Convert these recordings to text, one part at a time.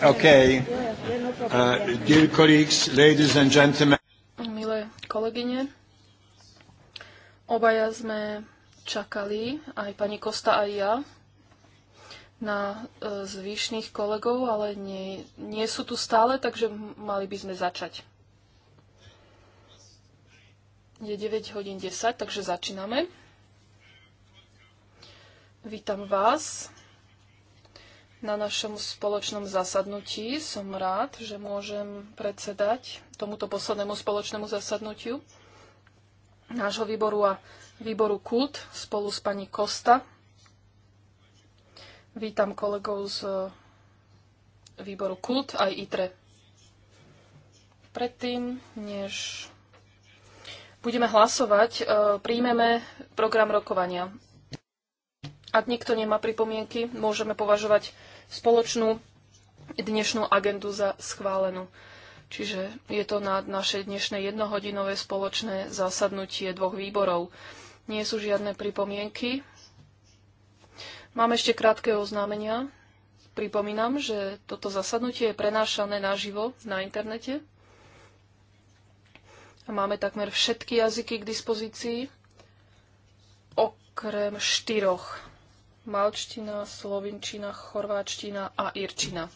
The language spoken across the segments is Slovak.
Okay. Uh, dear colleagues, ladies and gentlemen. Milé kolegyne, obaja sme čakali, aj pani Kosta, aj ja, na e, zvyšných kolegov, ale nie, nie sú tu stále, takže mali by sme začať. Je 9 hodín 10, takže začíname. Vítam vás na našom spoločnom zasadnutí. Som rád, že môžem predsedať tomuto poslednému spoločnému zasadnutiu nášho výboru a výboru KULT spolu s pani Kosta. Vítam kolegov z výboru KULT aj ITRE. Predtým, než budeme hlasovať, e, príjmeme program rokovania. Ak nikto nemá pripomienky, môžeme považovať spoločnú dnešnú agendu za schválenú. Čiže je to na naše dnešné jednohodinové spoločné zasadnutie dvoch výborov. Nie sú žiadne pripomienky. Mám ešte krátke oznámenia. Pripomínam, že toto zasadnutie je prenášané naživo na internete. A máme takmer všetky jazyky k dispozícii, okrem štyroch malčtina, slovinčina, chorváčtina a irčina.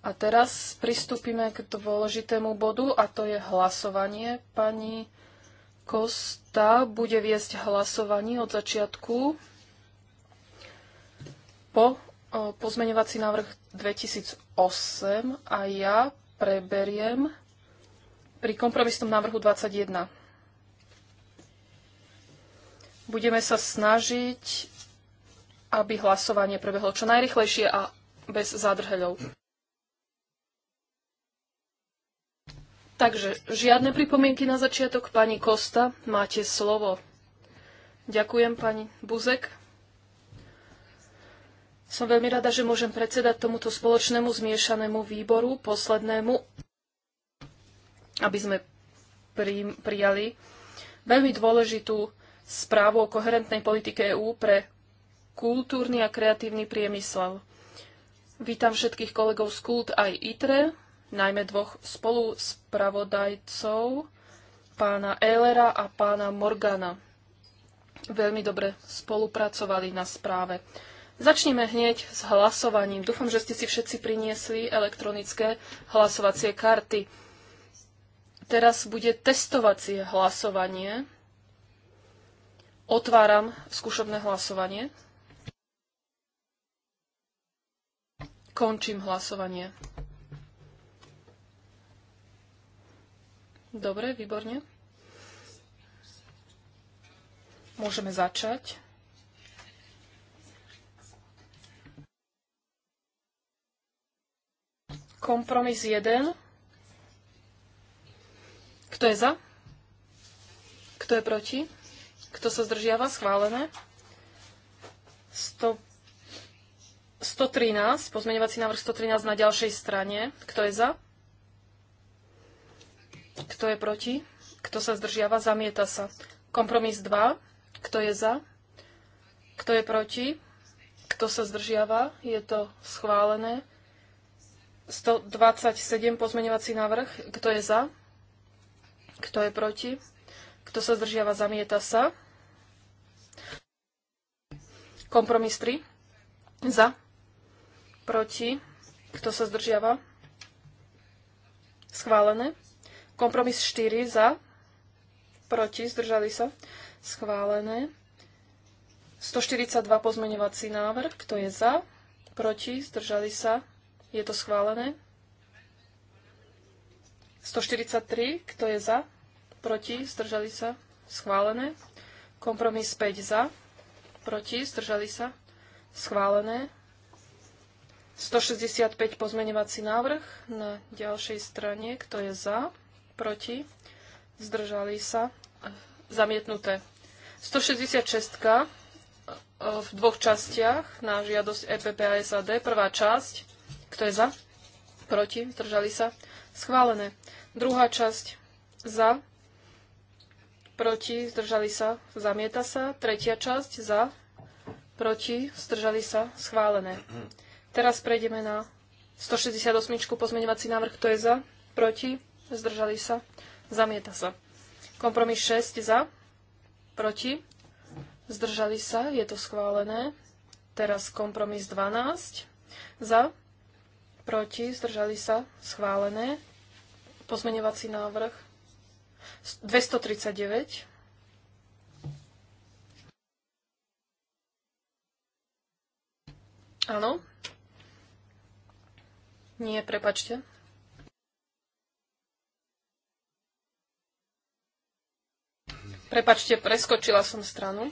A teraz pristúpime k dôležitému bodu a to je hlasovanie. Pani Kosta bude viesť hlasovanie od začiatku po pozmeňovací návrh 2008 a ja preberiem pri kompromisnom návrhu 21. Budeme sa snažiť, aby hlasovanie prebehlo čo najrychlejšie a bez zádrheľov. Takže žiadne pripomienky na začiatok. Pani Kosta, máte slovo. Ďakujem, pani Buzek. Som veľmi rada, že môžem predsedať tomuto spoločnému zmiešanému výboru, poslednému, aby sme pri, prijali veľmi dôležitú správu o koherentnej politike EÚ pre kultúrny a kreatívny priemysel. Vítam všetkých kolegov z Kult aj ITRE, najmä dvoch spoluspravodajcov, pána Ehlera a pána Morgana. Veľmi dobre spolupracovali na správe. Začneme hneď s hlasovaním. Dúfam, že ste si všetci priniesli elektronické hlasovacie karty. Teraz bude testovacie hlasovanie. Otváram skúšobné hlasovanie. Končím hlasovanie. Dobre, výborne. Môžeme začať. Kompromis 1. Kto je za? Kto je proti? Kto sa zdržiava? Schválené. 100, 113, pozmeňovací návrh 113 na ďalšej strane. Kto je za? Kto je proti? Kto sa zdržiava? Zamieta sa. Kompromis 2. Kto je za? Kto je proti? Kto sa zdržiava? Je to schválené. 127 pozmeňovací návrh. Kto je za? Kto je proti? Kto sa zdržiava, zamieta sa. Kompromis 3. Za. Proti. Kto sa zdržiava? Schválené. Kompromis 4. Za. Proti. Zdržali sa. Schválené. 142 pozmeňovací návrh. Kto je za? Proti. Zdržali sa. Je to schválené. 143, kto je za? Proti, zdržali sa? Schválené. Kompromis 5 za. Proti, zdržali sa? Schválené. 165 pozmenovací návrh na ďalšej strane. Kto je za? Proti? Zdržali sa? Zamietnuté. 166 eh, v dvoch častiach na žiadosť EPP a SAD. Prvá časť kto je za? Proti? Zdržali sa? Schválené. Druhá časť. Za. Proti? Zdržali sa? Zamieta sa. Tretia časť. Za. Proti? Zdržali sa? Schválené. Teraz prejdeme na 168. pozmeňovací návrh. Kto je za? Proti? Zdržali sa? Zamieta sa. Kompromis 6 za. Proti? Zdržali sa, je to schválené. Teraz kompromis 12. Za, proti, zdržali sa, schválené. Pozmeňovací návrh 239. Áno. Nie, prepačte. Prepačte, preskočila som stranu.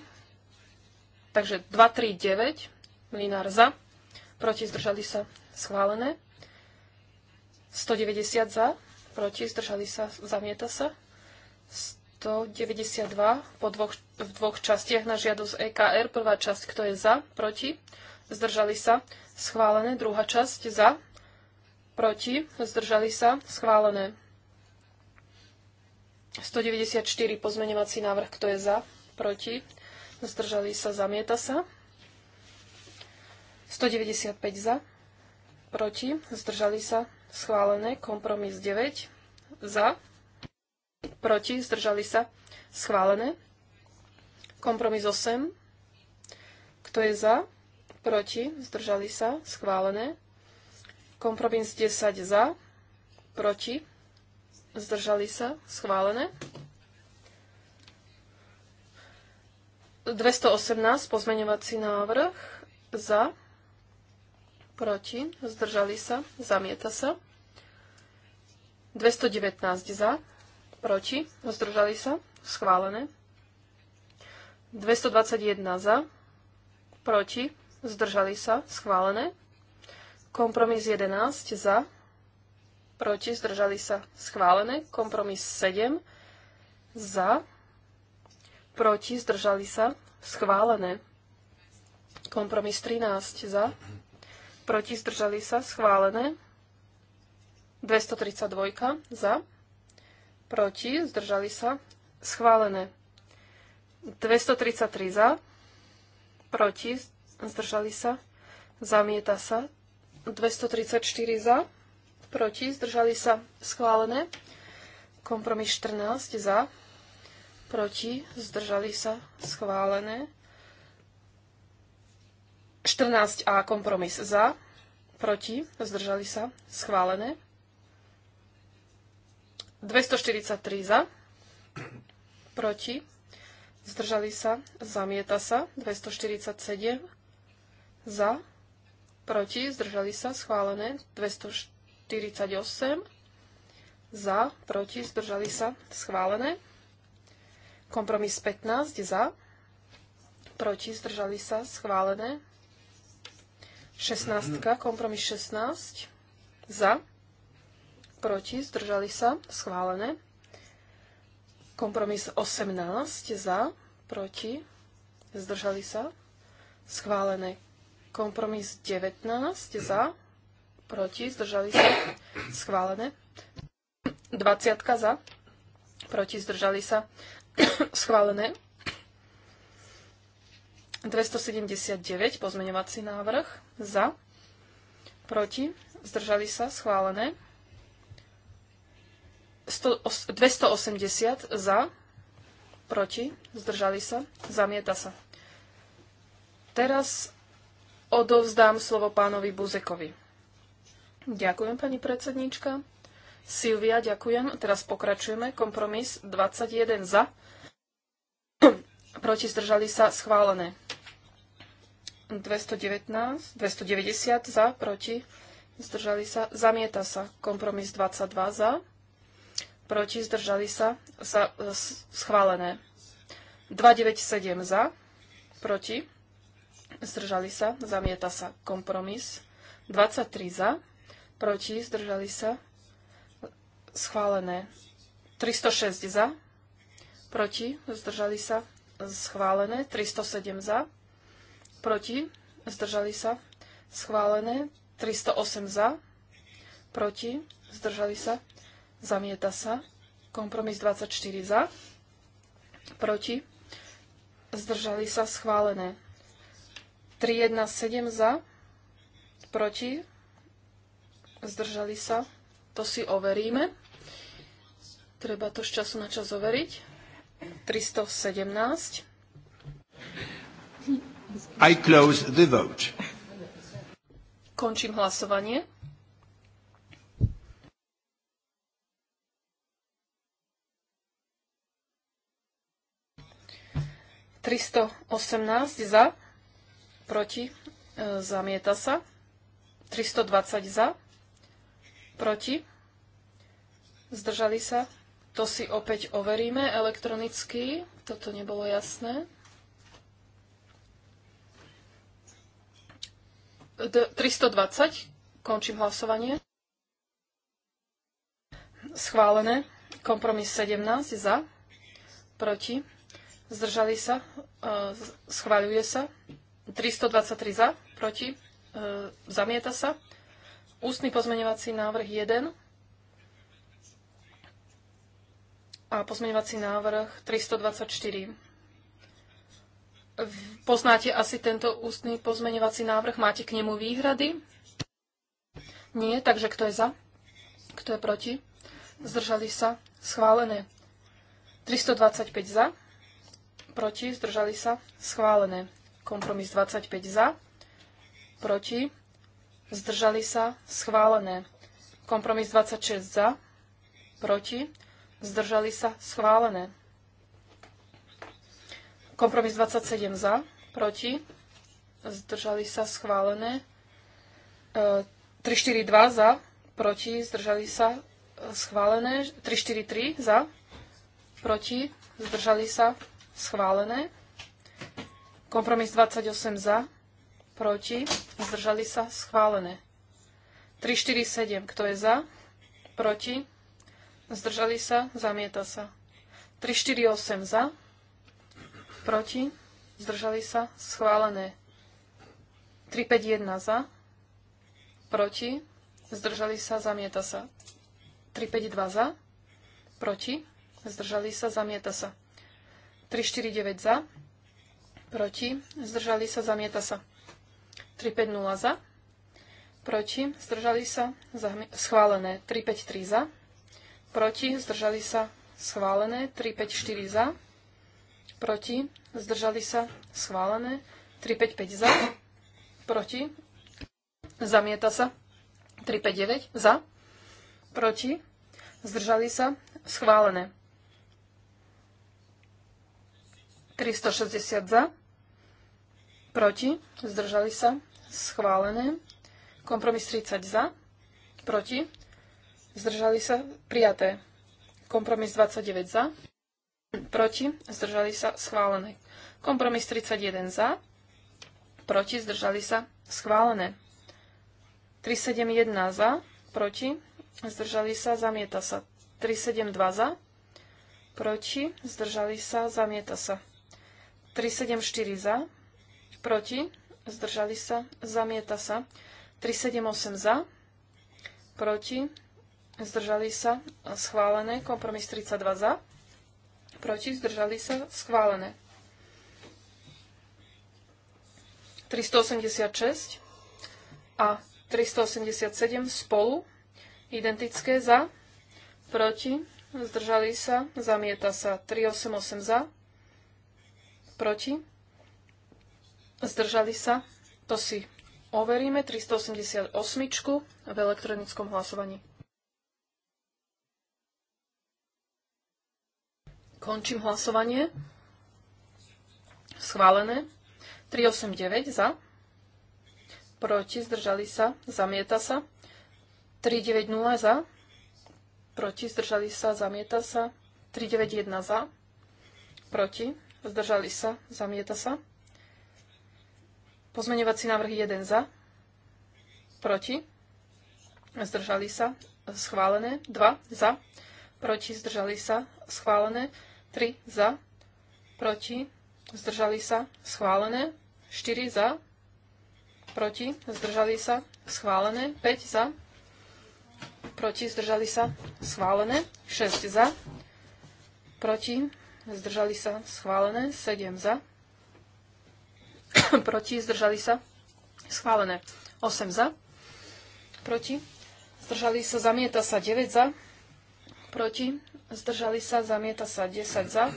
Takže 239 Mlinár za. Proti zdržali sa schválené. 190 za, proti, zdržali sa, zamieta sa. 192 po dvoch, v dvoch častiach na žiadosť EKR. Prvá časť, kto je za, proti, zdržali sa, schválené. Druhá časť, za, proti, zdržali sa, schválené. 194 pozmeňovací návrh, kto je za, proti, zdržali sa, zamieta sa. 195 za, proti, zdržali sa, schválené. Kompromis 9 za, proti, zdržali sa, schválené. Kompromis 8, kto je za, proti, zdržali sa, schválené. Kompromis 10 za, proti, zdržali sa, schválené. 218 pozmeňovací návrh za, proti, zdržali sa, zamieta sa. 219 za, proti, zdržali sa, schválené. 221 za, proti, zdržali sa, schválené. Kompromis 11 za, proti, zdržali sa, schválené. Kompromis 7 za, proti, zdržali sa, schválené. Kompromis 13 za, proti, zdržali sa, schválené. 232 za, proti, zdržali sa, schválené. 233 za, proti, zdržali sa, zamieta sa. 234 za, proti, zdržali sa, schválené. Kompromis 14 za, proti, zdržali sa, schválené. 14a kompromis za, proti, zdržali sa, schválené. 243 za, proti, zdržali sa, zamieta sa. 247 za, proti, zdržali sa, schválené. 248 za, proti, zdržali sa, schválené. Kompromis 15 za, proti, zdržali sa, schválené. 16, kompromis 16, za, proti, zdržali sa, schválené. Kompromis 18, za, proti, zdržali sa, schválené. Kompromis 19, za, proti, zdržali sa, schválené. 20 za, proti, zdržali sa, schválené. 279 pozmeňovací návrh za, proti, zdržali sa, schválené. 280 za, proti, zdržali sa, zamieta sa. Teraz odovzdám slovo pánovi Buzekovi. Ďakujem, pani predsednička. Silvia, ďakujem. Teraz pokračujeme. Kompromis 21 za, proti, zdržali sa, schválené. 219, 290 za, proti, zdržali sa, zamieta sa. Kompromis 22 za, proti, zdržali sa, za, schválené. 297 za, proti, zdržali sa, zamieta sa. Kompromis 23 za, proti, zdržali sa, schválené. 306 za, proti, zdržali sa, schválené. 307 za, proti, zdržali sa, schválené, 308 za, proti, zdržali sa, zamieta sa, kompromis 24 za, proti, zdržali sa, schválené, 317 za, proti, zdržali sa, to si overíme, treba to z času na čas overiť, 317. I close the vote. Končím hlasovanie. Tristo osemnásť za, proti, e, zamieta sa. 320 za, proti, zdržali sa. To si opäť overíme elektronicky, toto nebolo jasné. 320. Končím hlasovanie. Schválené. Kompromis 17 za. Proti. Zdržali sa. E, schváľuje sa. 323 za. Proti. E, zamieta sa. Ústny pozmeňovací návrh 1 a pozmeňovací návrh 324. Poznáte asi tento ústny pozmeňovací návrh, máte k nemu výhrady? Nie, takže kto je za? Kto je proti? Zdržali sa? Schválené. 325 za, proti, zdržali sa, schválené. Kompromis 25 za, proti, zdržali sa, schválené. Kompromis 26 za, proti, zdržali sa, schválené. Kompromis 27 za, proti, zdržali sa schválené. 342 e, za, proti, zdržali sa e, schválené. 343 za, proti, zdržali sa schválené. Kompromis 28 za, proti, zdržali sa schválené. 347, kto je za, proti, zdržali sa, zamieta sa. 348 za, proti, zdržali sa, schválené. 351 za, proti, zdržali sa, zamieta sa. 352 za, proti, zdržali sa, zamieta sa. 349 za, proti, zdržali sa, zamieta sa. 350 za, proti, zdržali sa, schválené. 353 za, proti, zdržali sa, schválené. 354 za, proti, zdržali sa, schválené. 355 za, proti, zamieta sa. 359 za, proti, zdržali sa, schválené. 360 za, proti, zdržali sa, schválené. Kompromis 30 za, proti, zdržali sa, prijaté. Kompromis 29 za, Proti? Zdržali sa? Schválené. Kompromis 31 za. Proti? Zdržali sa? Schválené. 371 za. Proti? Zdržali sa? Zamieta sa. 372 za. Proti? Zdržali sa? Zamieta sa. 374 za. Proti? Zdržali sa? Zamieta sa. 378 za. Proti? Zdržali sa? Schválené. Kompromis 32 za proti, zdržali sa, schválené. 386 a 387 spolu, identické za, proti, zdržali sa, zamieta sa 388 za, proti, zdržali sa, to si overíme, 388 v elektronickom hlasovaní. Končím hlasovanie. Schválené. 389 za. Proti. Zdržali sa. Zamieta sa. 390 za. Proti. Zdržali sa. Zamieta sa. 391 za. Proti. Zdržali sa. Zamieta sa. Pozmeňovací návrh 1 za. Proti. Zdržali sa. Schválené. 2 za. Proti. Zdržali sa. Schválené. 3 za, proti, zdržali sa, schválené. 4 za, proti, zdržali sa, schválené. 5 za, proti, zdržali sa, schválené. 6 za, proti, zdržali sa, schválené. 7 za, proti, zdržali sa, schválené. 8 za, proti, zdržali sa, zamieta sa 9 za, proti, zdržali sa, zamieta sa 10 za,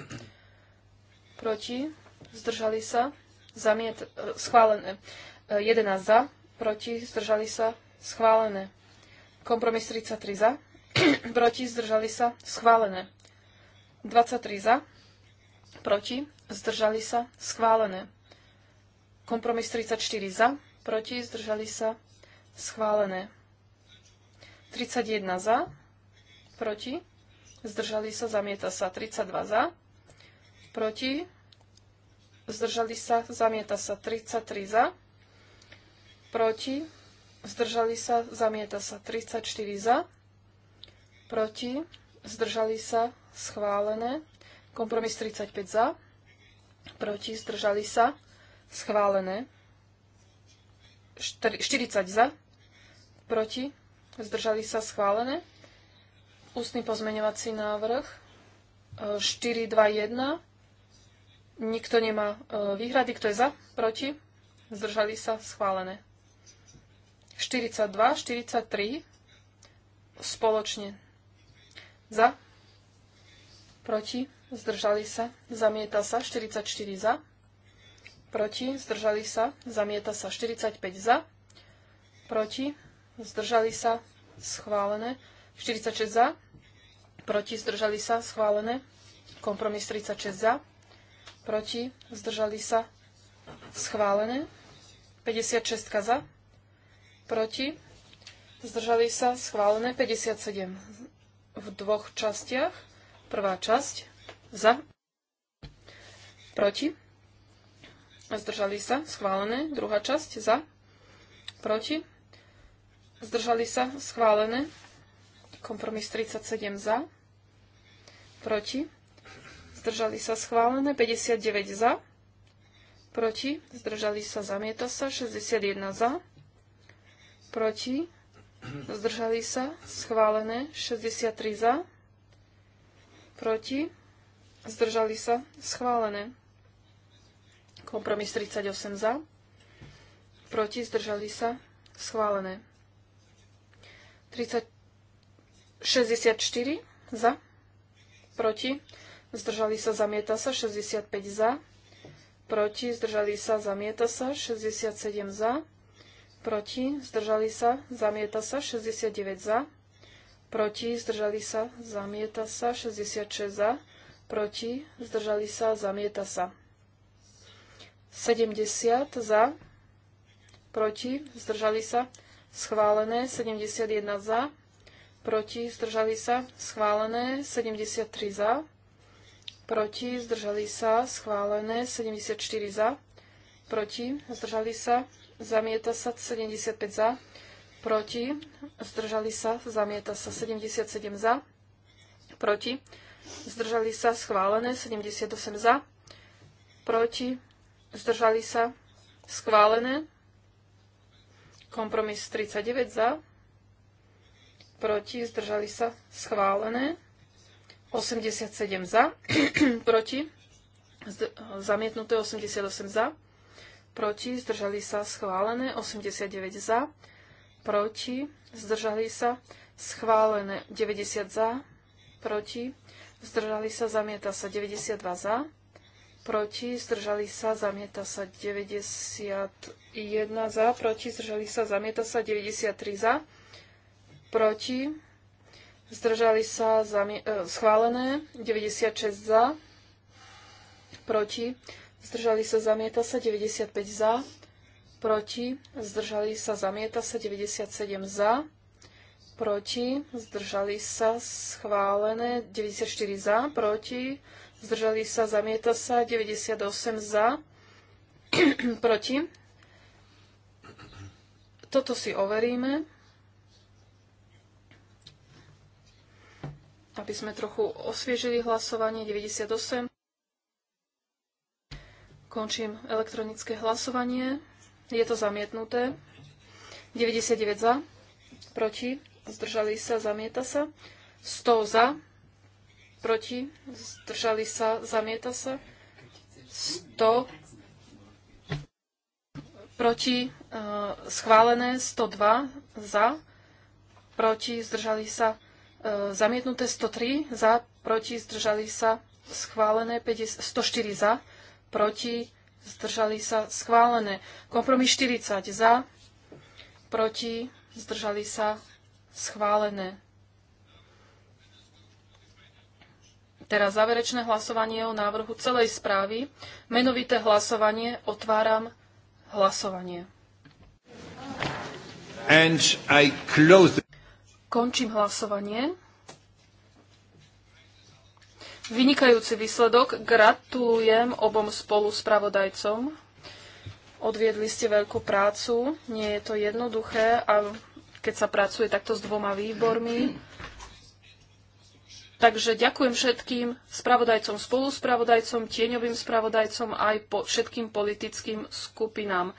proti, zdržali sa, zamiet, e, schválené 11 e, za, proti, zdržali sa, schválené. Kompromis 33 za, proti, zdržali sa, schválené. 23 za, proti, zdržali sa, schválené. Kompromis 34 za, proti, zdržali sa, schválené. 31 za, proti, zdržali sa, zamieta sa. 32 za, proti, zdržali sa, zamieta sa. 33 za, proti, zdržali sa, zamieta sa. 34 za, proti, zdržali sa, schválené. Kompromis 35 za, proti, zdržali sa, schválené. 40 za, proti, zdržali sa, schválené. Ústny pozmeňovací návrh 421. E, Nikto nemá e, výhrady. Kto je za? Proti? Zdržali sa? Schválené. 42, 43. Spoločne. Za? Proti? Zdržali sa? Zamieta sa? 44 za? Proti? Zdržali sa? Zamieta sa? 45 za? Proti? Zdržali sa? Schválené. 46 za, proti, zdržali sa, schválené. Kompromis 36 za, proti, zdržali sa, schválené. 56 za, proti, zdržali sa, schválené. 57 v dvoch častiach. Prvá časť za, proti, zdržali sa, schválené. Druhá časť za, proti, zdržali sa, schválené. Kompromis 37 za. Proti. Zdržali sa schválené. 59 za. Proti. Zdržali sa. Zamieta sa. 61 za. Proti. Zdržali sa. Schválené. 63 za. Proti. Zdržali sa. Schválené. Kompromis 38 za. Proti. Zdržali sa. Schválené. 30, 64 za, proti, zdržali sa, zamieta sa, 65 za, proti, zdržali sa, zamieta sa, 67 za, proti, zdržali sa, zamieta sa, 69 za, proti, zdržali sa, zamieta sa, 66 za, proti, zdržali sa, zamieta sa. 70 za, proti, zdržali sa, schválené, 71 za, proti, zdržali sa, schválené, 73 za, proti, zdržali sa, schválené, 74 za, proti, zdržali sa, zamieta sa, 75 za, proti, zdržali sa, zamieta sa, 77 za, proti, zdržali sa, schválené, 78 za, proti, zdržali sa, schválené, kompromis 39 za, proti, zdržali sa, schválené. 87 za, proti, zamietnuté 88 za, proti, zdržali sa, schválené. 89 za, proti, zdržali sa, schválené. 90 za, proti, zdržali sa, zamieta sa. 92 za, proti, zdržali sa, zamieta sa 91 za, proti, zdržali sa, zamieta sa 93 za, proti, zdržali sa zami- e, schválené, 96 za, proti, zdržali sa zamieta sa, 95 za, proti, zdržali sa zamieta sa, 97 za, proti, zdržali sa schválené, 94 za, proti, zdržali sa zamieta sa, 98 za, proti. Toto si overíme. aby sme trochu osviežili hlasovanie 98. Končím elektronické hlasovanie. Je to zamietnuté. 99 za, proti, zdržali sa, zamieta sa. 100 za, proti, zdržali sa, zamieta sa. 100 proti, eh, schválené, 102 za, proti, zdržali sa, zamieta sa E, zamietnuté 103 za, proti, zdržali sa, schválené 50, 104 za, proti, zdržali sa, schválené. Kompromis 40 za, proti, zdržali sa, schválené. Teraz záverečné hlasovanie o návrhu celej správy. Menovité hlasovanie. Otváram hlasovanie. And I close Končím hlasovanie. Vynikajúci výsledok. Gratulujem obom spolu spravodajcom. Odviedli ste veľkú prácu. Nie je to jednoduché a keď sa pracuje takto s dvoma výbormi. Takže ďakujem všetkým spravodajcom, spoluspravodajcom, tieňovým spravodajcom aj po všetkým politickým skupinám.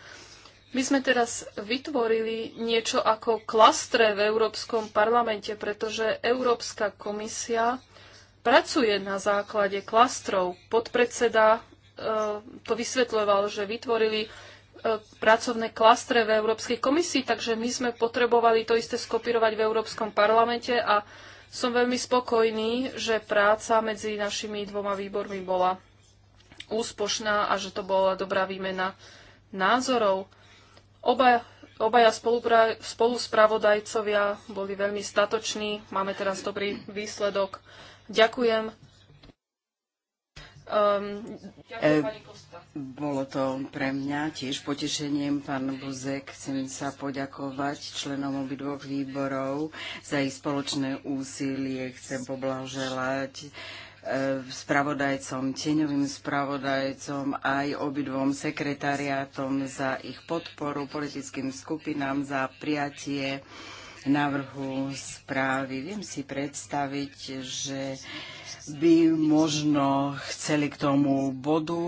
My sme teraz vytvorili niečo ako klastre v Európskom parlamente, pretože Európska komisia pracuje na základe klastrov. Podpredseda e, to vysvetľoval, že vytvorili e, pracovné klastre v Európskej komisii, takže my sme potrebovali to isté skopírovať v Európskom parlamente a som veľmi spokojný, že práca medzi našimi dvoma výbormi bola úspošná a že to bola dobrá výmena názorov. Obaja, obaja spolupra- spoluspravodajcovia boli veľmi statoční. Máme teraz dobrý výsledok. Ďakujem. Um, ďakujem e, pani bolo to pre mňa tiež potešením, pán Buzek. Chcem sa poďakovať členom obidvoch výborov za ich spoločné úsilie. Chcem poblahoželať E, spravodajcom, tieňovým spravodajcom aj obidvom sekretariátom za ich podporu politickým skupinám, za prijatie návrhu správy. Viem si predstaviť, že by možno chceli k tomu bodu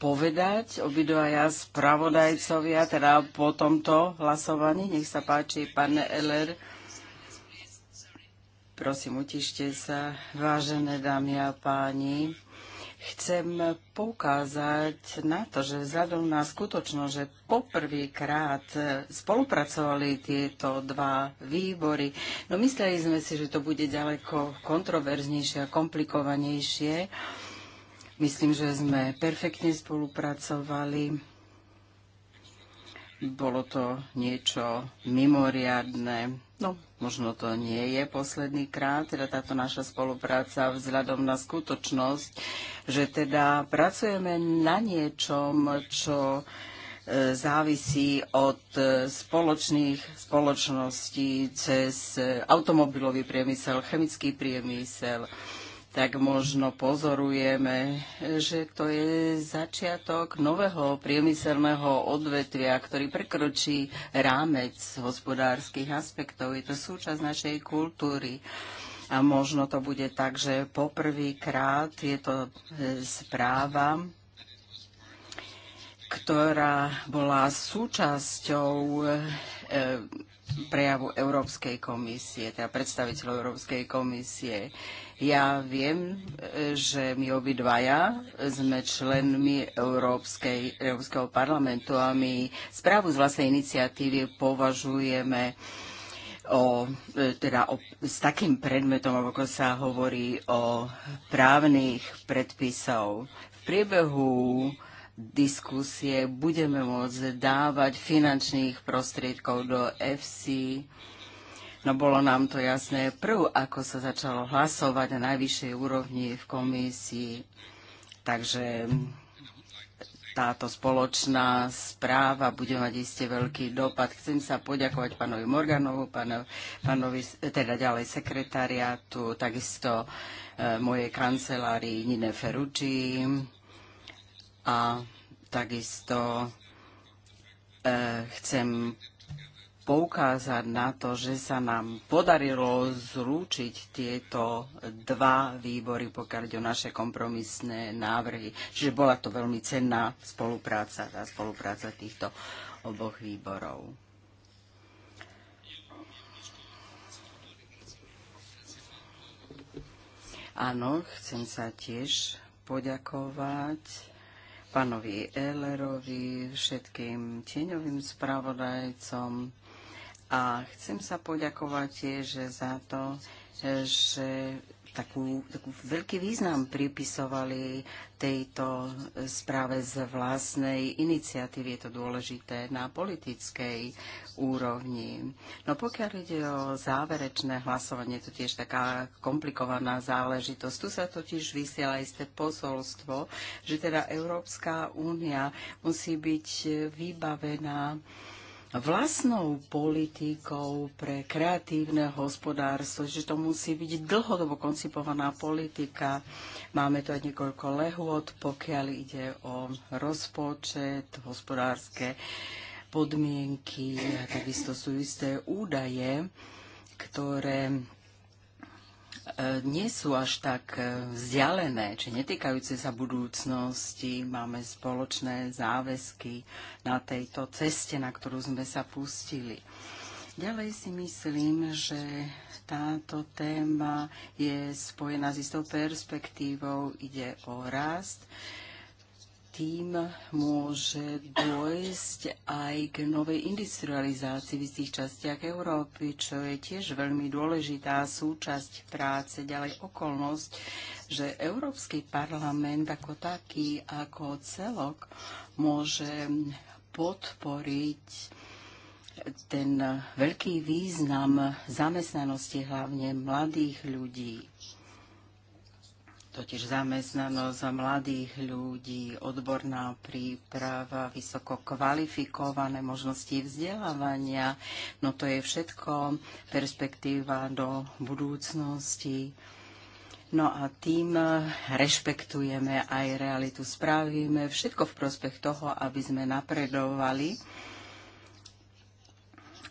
povedať ja spravodajcovia, teda po tomto hlasovaní. Nech sa páči, pán Eller. Prosím, utište sa, vážené dámy a páni. Chcem poukázať na to, že vzhľadom na skutočnosť, že poprvýkrát spolupracovali tieto dva výbory, no mysleli sme si, že to bude ďaleko kontroverznejšie a komplikovanejšie. Myslím, že sme perfektne spolupracovali. Bolo to niečo mimoriadne No, možno to nie je posledný krát, teda táto naša spolupráca vzhľadom na skutočnosť, že teda pracujeme na niečom, čo e, závisí od e, spoločných spoločností cez e, automobilový priemysel, chemický priemysel, tak možno pozorujeme, že to je začiatok nového priemyselného odvetvia, ktorý prekročí rámec hospodárskych aspektov. Je to súčasť našej kultúry. A možno to bude tak, že poprvýkrát je to e, správa, ktorá bola súčasťou e, prejavu Európskej komisie, teda predstaviteľov Európskej komisie. Ja viem, že my obidvaja sme členmi Európskej, Európskeho parlamentu a my správu z vlastnej iniciatívy považujeme o, teda o, s takým predmetom, ako sa hovorí o právnych predpisov. V priebehu diskusie budeme môcť dávať finančných prostriedkov do FC No bolo nám to jasné prv, ako sa začalo hlasovať na najvyššej úrovni v komisii. Takže táto spoločná správa bude mať iste veľký dopad. Chcem sa poďakovať pánovi Morganovu, pánovi, teda ďalej sekretariatu, takisto e, mojej kancelárii Nine Ferrucci a takisto e, chcem poukázať na to, že sa nám podarilo zrúčiť tieto dva výbory, pokiaľ ide o naše kompromisné návrhy. Čiže bola to veľmi cenná spolupráca, tá spolupráca týchto oboch výborov. Áno, chcem sa tiež poďakovať pánovi Ellerovi, všetkým tieňovým spravodajcom, a chcem sa poďakovať tiež za to, že takú, takú veľký význam pripisovali tejto správe z vlastnej iniciatívy. Je to dôležité na politickej úrovni. No pokiaľ ide o záverečné hlasovanie, to tiež taká komplikovaná záležitosť. Tu sa totiž vysiela isté posolstvo, že teda Európska únia musí byť vybavená vlastnou politikou pre kreatívne hospodárstvo, že to musí byť dlhodobo koncipovaná politika. Máme tu aj niekoľko lehôd, pokiaľ ide o rozpočet, hospodárske podmienky, takisto sú isté údaje, ktoré E, nie sú až tak e, vzdialené, či netýkajúce sa budúcnosti. Máme spoločné záväzky na tejto ceste, na ktorú sme sa pustili. Ďalej si myslím, že táto téma je spojená s istou perspektívou, ide o rast, tým môže dôjsť aj k novej industrializácii v istých častiach Európy, čo je tiež veľmi dôležitá súčasť práce, ďalej okolnosť, že Európsky parlament ako taký, ako celok, môže podporiť ten veľký význam zamestnanosti hlavne mladých ľudí totiž zamestnanosť mladých ľudí, odborná príprava, vysoko kvalifikované možnosti vzdelávania. No to je všetko perspektíva do budúcnosti. No a tým rešpektujeme aj realitu, spravíme všetko v prospech toho, aby sme napredovali.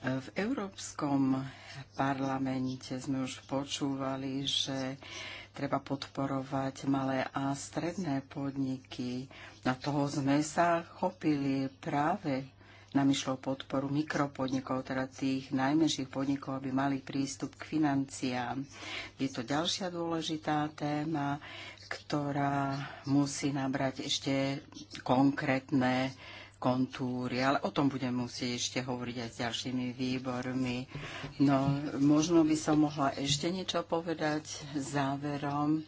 V Európskom parlamente sme už počúvali, že Treba podporovať malé a stredné podniky. Na toho sme sa chopili práve nám išlo podporu mikropodnikov, teda tých najmenších podnikov, aby mali prístup k financiám. Je to ďalšia dôležitá téma, ktorá musí nabrať ešte konkrétne kontúry, ale o tom budem musieť ešte hovoriť aj s ďalšími výbormi. No, možno by som mohla ešte niečo povedať záverom.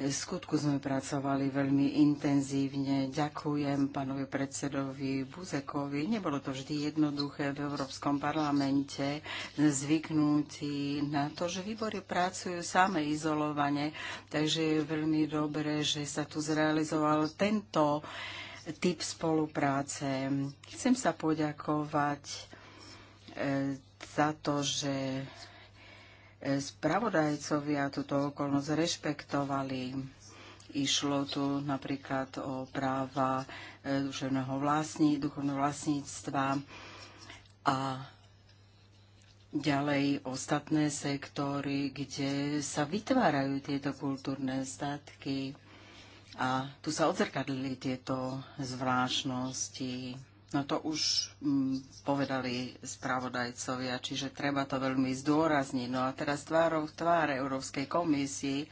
V skutku sme pracovali veľmi intenzívne. Ďakujem pánovi predsedovi Buzekovi. Nebolo to vždy jednoduché v Európskom parlamente zvyknutí na to, že výbory pracujú same izolovane, takže je veľmi dobré, že sa tu zrealizoval tento typ spolupráce. Chcem sa poďakovať e, za to, že e, spravodajcovia túto okolnosť rešpektovali. Išlo tu napríklad o práva e, duševného vlastní, duchovného vlastníctva a ďalej ostatné sektory, kde sa vytvárajú tieto kultúrne statky. A tu sa odzrkadlili tieto zvláštnosti. No to už m, mm, povedali spravodajcovia, čiže treba to veľmi zdôrazniť. No a teraz tvárov v tvár Európskej komisii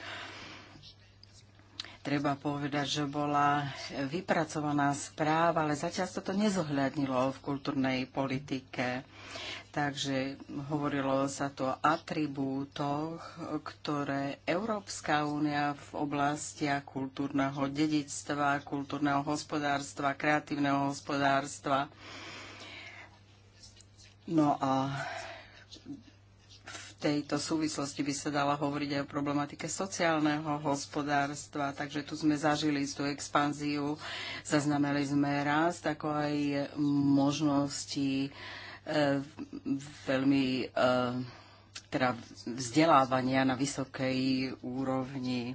treba povedať, že bola vypracovaná správa, ale zatiaľ sa to nezohľadnilo v kultúrnej politike. Takže hovorilo sa to o atribútoch, ktoré Európska únia v oblastiach kultúrneho dedictva, kultúrneho hospodárstva, kreatívneho hospodárstva. No a v tejto súvislosti by sa dala hovoriť aj o problematike sociálneho hospodárstva, takže tu sme zažili istú expanziu, zaznamenali sme rast, ako aj možnosti veľmi eh, teda vzdelávania na vysokej úrovni.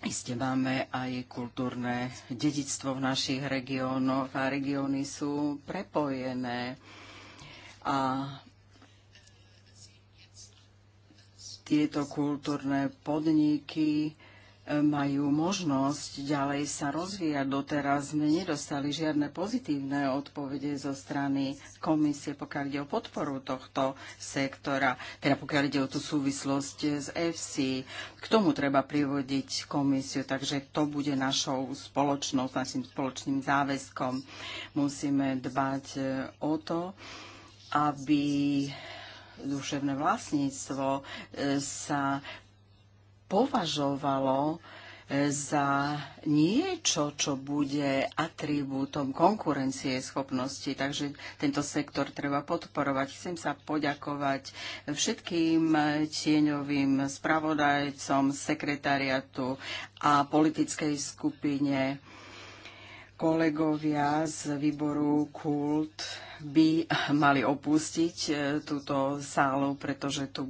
Isté máme aj kultúrne dedictvo v našich regiónoch a regióny sú prepojené. A tieto kultúrne podniky majú možnosť ďalej sa rozvíjať. Doteraz sme nedostali žiadne pozitívne odpovede zo strany komisie, pokiaľ ide o podporu tohto sektora, teda pokiaľ ide o tú súvislosť s FC. K tomu treba privodiť komisiu, takže to bude našou spoločnou, našim spoločným záväzkom. Musíme dbať e, o to, aby duševné vlastníctvo e, sa považovalo e, za niečo, čo bude atribútom konkurencie schopnosti. Takže tento sektor treba podporovať. Chcem sa poďakovať všetkým tieňovým spravodajcom, sekretariatu a politickej skupine kolegovia z výboru Kult by mali opustiť e, túto sálu, pretože tu